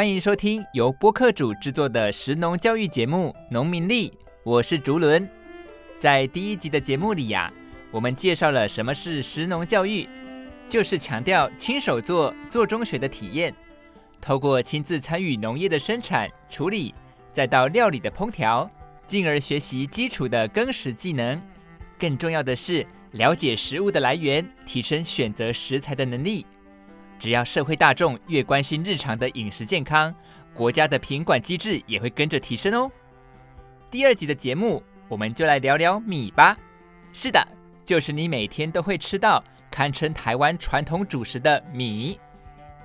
歡迎收聽由播客主制作的食農教育節目《農民力》，我是竹輪。在第一集的節目裡呀、啊，我們介紹了什麼是食農教育，就是強調親手做、做中學的體驗。透過親自參與農業的生產、處理，再到料理的烹調，進而學習基礎的耕食技能。更重要的是，是了解食物的來源，提升選擇食材的能力。只要社會大眾越關心日常的飲食健康，國家的品管機制也會跟着提升哦。第二集的節目，我們就來聊聊米吧。是的，就是你每天都會吃到，堪稱台灣傳統主食的米。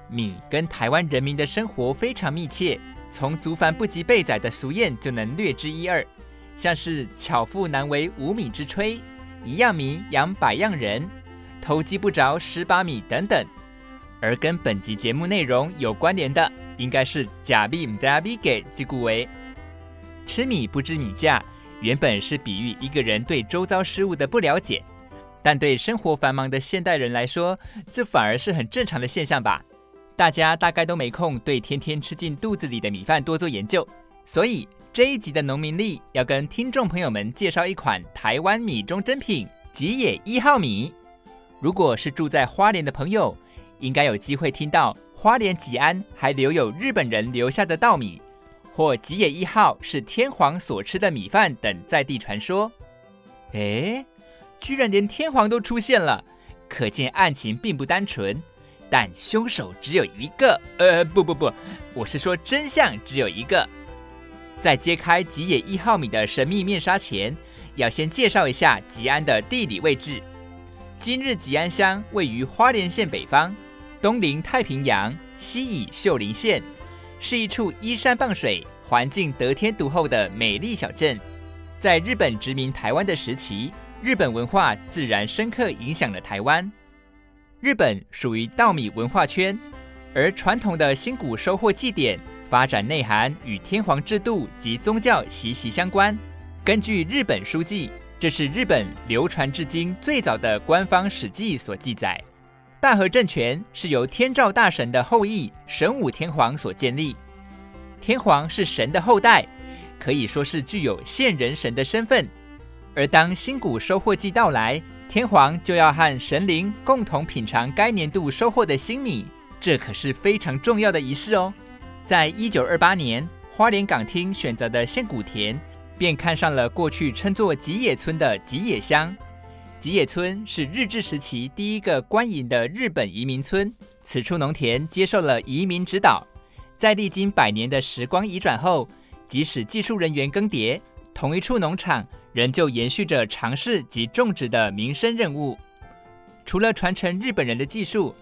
米跟台灣人民的生活非常密切，從“族繁不及備載”的俗諺就能略知一二。像是“巧婦難為無米之炊”，“一樣米養百樣人”，“偷雞不着蝕把米”等等。而跟本集節目內容有關聯的，應該是“食米毋知米價”，即顧為“吃米不知米價”。原本是比喻一個人對周遭事物的不了解，但對生活繁忙的現代人來說，這反而是很正常的現象吧？大家大概都沒空對天天吃進肚子裡的米飯多做研究，所以這一集的農民力要跟聽眾朋友們介紹一款台灣米中珍品——吉野一號米。如果是住在花蓮的朋友，應該有機會聽到花蓮吉安還留有日本人留下的稻米，或吉野一號是天皇所吃的米飯等在地傳說。誒，居然連天皇都出現了，可見案情並不單純。但凶手只有一個，呃，不不不，我是說真相只有一個。在揭開吉野一號米的神秘面紗前，要先介紹一下吉安的地理位置。今日吉安鄉位於花蓮縣北方。東臨太平洋，西倚秀林縣，是一處依山傍水、環境得天獨厚的美麗小鎮。在日本殖民台灣的時期，日本文化自然深刻影響了台灣。日本屬於稻米文化圈，而傳統的新穀收穫祭典發展內涵與天皇制度及宗教息息相關。根據日本書紀，這是日本流傳至今最早的官方史記所記載。大和政權是由天照大神的後裔神武天皇所建立。天皇是神的後代，可以說是具有現人神的身份。而當新穀收穫季到來，天皇就要和神靈共同品嚐該年度收穫的新米，這可是非常重要的儀式哦。在一九二八年，花蓮港廳選擇的獻穀田，便看上了過去稱作吉野村的吉野鄉。吉野村是日治時期第一個官營的日本移民村。此處農田接受了移民指導，在歷經百年的時光移轉後，即使技術人員更迭，同一處農場仍舊延續着嘗試及種植的民生任務。除了傳承日本人的技術，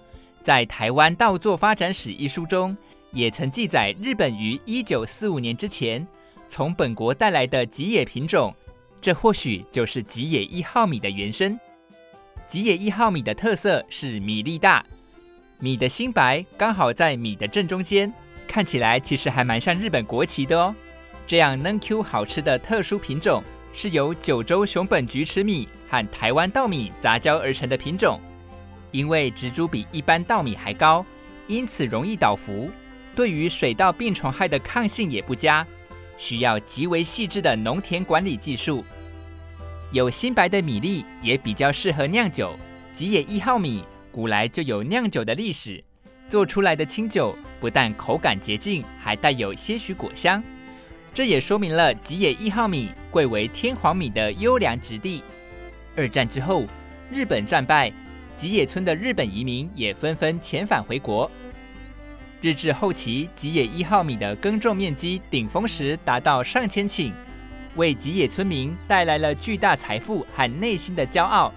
在《臺灣稻作發展史》一書中，也曾記載日本於1945年之前從本國帶來的吉野品種。這或許就是吉野一號米的原生。吉野一號米的特色是米粒大，米的心白剛好在米的正中間，看起來其實還蠻像日本國旗的哦。這樣能 Q 好吃的特殊品種是由九州熊本菊池米和台灣稻米雜交而成的品種。因為植株比一般稻米還高，因此容易倒伏，對於水稻病蟲害的抗性也不佳。需要極為細緻的農田管理技術。有心白的米粒也比較適合釀酒。吉野一號米古來就有釀酒的歷史，做出來的清酒不但口感潔淨，還帶有些許果香。這也說明了吉野一號米貴為天皇米的優良質地。二戰之後，日本戰敗，吉野村的日本移民也紛紛遣返回國。日治後期，吉野一號米的耕種面積頂峰時達到上千頃，為吉野村民帶來了巨大財富和內心的驕傲。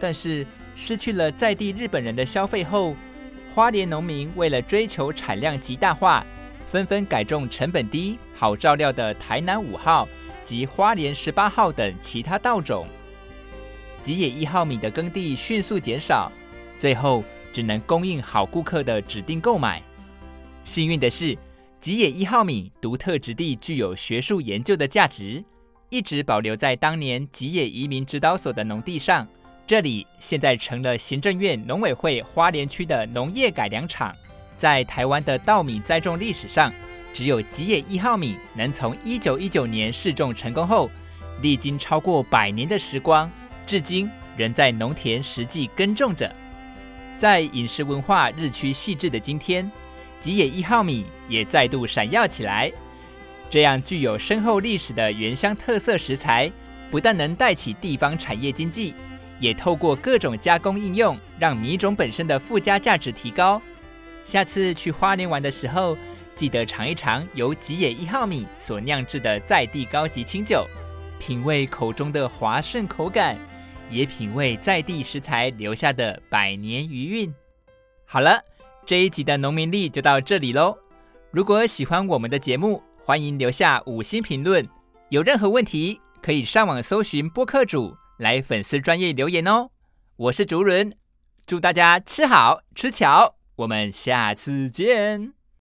但是，失去了在地日本人的消費後，花蓮農民為了追求產量極大化，紛紛改種成本低、好照料的台南五號及花蓮十八號等其他稻種。吉野一號米的耕地迅速減少，最後只能供應好顧客的指定購買。幸運的是，吉野一號米獨特質地具有學術研究的價值，一直保留在當年吉野移民指導所的農地上。這裡現在成了行政院農委會花蓮區的農業改良場。在台灣的稻米栽種歷史上，只有吉野一號米能從1919年試種成功後，歷經超過百年的時光，至今仍在農田實際耕種着。在飲食文化日趨細緻的今天，吉野一號米也再度閃耀起來。這樣具有深厚歷史的原鄉特色食材，不但能帶起地方產業經濟，也透過各種加工應用，讓米種本身的附加價值提高。下次去花蓮玩的時候，記得嘗一嘗由吉野一號米所釀制的在地高級清酒，品味口中的滑順口感，也品味在地食材留下的百年餘韻。好了。這一集的農民曆就到這裡嘍。如果喜歡我們的節目，歡迎留下五星評論。有任何問題，可以上網搜尋播客煮，來粉絲專頁留言哦。我是竹人，祝大家吃好吃巧，我們下次見。